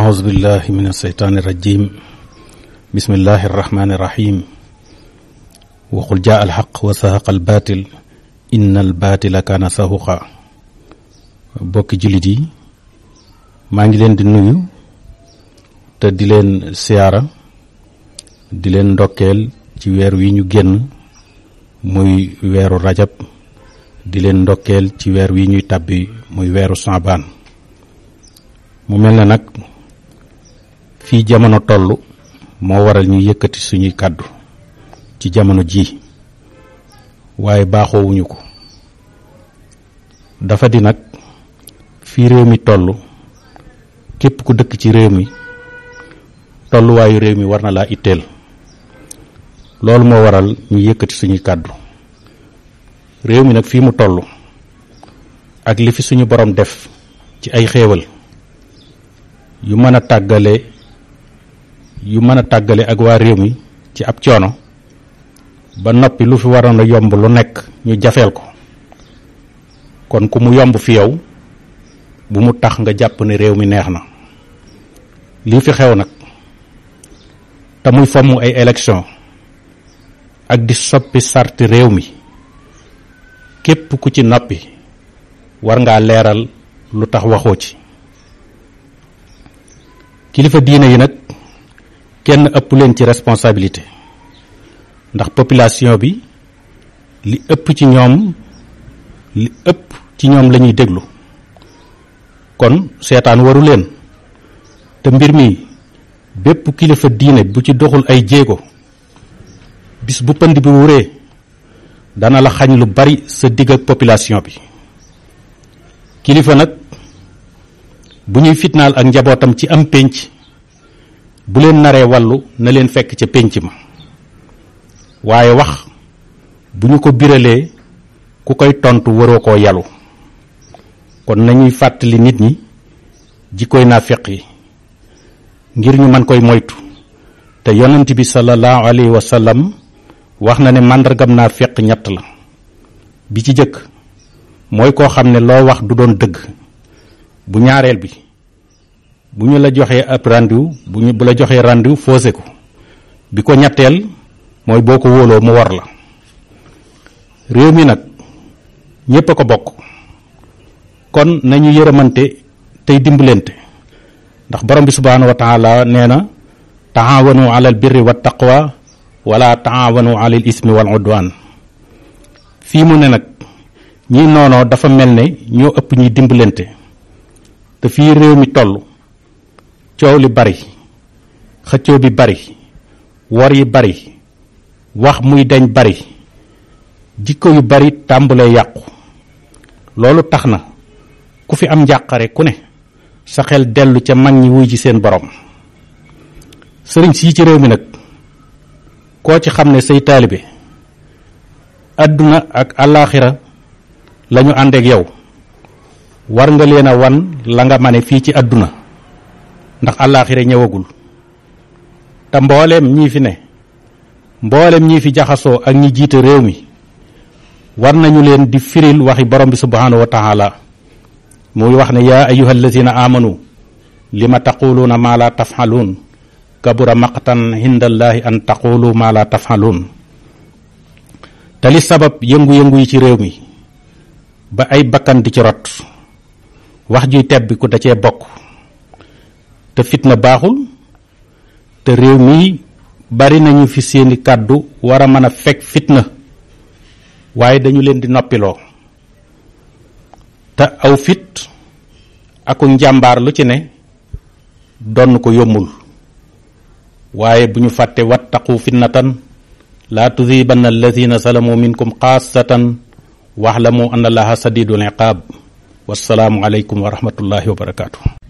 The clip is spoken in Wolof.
أعوذ بالله من الشيطان الرجيم بسم الله الرحمن الرحيم وقل جاء الحق وسهق الباطل إن الباطل كان سهوقا bokki jullit yi maa ngi leen di nuyu te di leen siyaara di leen ndokkeel ci weer wi ñu génn muy weeru rajab di leen ndokkeel ci weer wi ñuy tàbbi muy weeru saabaan mu mel ne nag fii jamono toll moo waral ñu yëkkati suñuy kàddu ci jamono jii waaye baaxoowuñu ko dafa di nag fii réew mi tollu képp ku dëkk ci réew mi tolluwaayu réew mi war na laa itteel loolu moo waral ñu yëkkati suñuy kàddu réew mi nag fii mu tollu ak li fi suñu borom def ci ay xéewal yu mën tàggale yu mën a tàggale ak waa réew mi ci ab coono ba noppi lu fi waroon a yomb lu nekk ñu jafeel ko kon ku mu yomb fi yow bu mu tax nga jàpp ne réew mi neex na lii fi xew nag te muy fomm ay élection ak di soppi sarti réew mi képp ku ci noppi war ngaa leeral lu tax waxoo ci kilifa diine yi nag kenn ëpp leen ci responsabilité ndax population bi li ëpp ci ñoom li ëpp ci ñoom la ñuy déglu kon seetaan waru leen te mbir mi bépp kilifa diine bu ci doxul ay jéego bis bu pënd bi wuree dana la xañ lu bari sa digg ak population bi kilifa nag bu ñuy fitnaal ak njabootam ci am pénc bu leen naree wàllu na leen fekk ca pénc ma waaye wax bu ñu ko biralee ku koy tontu waroo koo yalu kon nañuy fàttali nit ñi jikkoy naafeq yi ngir ñu mën koy moytu te yonent bi sallallahu alayhi wa sallam wax na ne màndargam féq ñett la bi ci jëkk mooy koo xam ne loo wax du doon dëgg bu ñaareel bi bu ñu la joxee ab randu bu ñu bu la joxee randu foosé ko bi ko ñetteel mooy boo ko wóoloo mu war la réew mi nag ñépp ko bokk kon nañu yërëmante tey dimbalante ndax borom bi subhanahu wa taala neena taawanu ala al birri wa taqwa wala taawanu ala al ismi wal udwan fi mu ne nak ñi nono dafa mel ño ëpp ñi dimbalante te fi réew mi tollu coow li bari xëccoo bi bari wor yi bari wax muy dañ bari jikko yu bari tàmbalee yàqu loolu tax na ku fi am njàqare ku ne sa xel dellu ca mag ñi wuy ji seen borom sëriñ si ci réew mi nag koo ci xam ne say taalibe àdduna ak àllaaxira lañu àndeeg yow war nga leen a wan la nga mane fii ci àdduna ndax alakhiré ñewagul ta mbolém ñi fi né mbolém ñi fi jaxaso ak ñi jité réew mi war nañu leen di firil waxi borom bi subhanahu wa taala moy wax né ya amanu lima taquluna na mala tafhalun. kabura maqtan inda an taqulu ma la tafaluun tali sabab yengu yengu yi ci réew mi ba ay bakkan di ci rot wax ju tebbi ku da ci bokku te fitna baxul te rew mi bari nañu fi seeni kaddu wara mëna fitna waaye dañu leen di noppiloo te aw fit aku njàmbaar lu ci ne donn ko yombul waaye bu ñu fàtte wattaqu fitnatan la tuziban alladina salamu minkum xaasatan waxlamu an allaha sadidul iqaab wassalaamu alaykum wa rahmatullahi wa barakatuh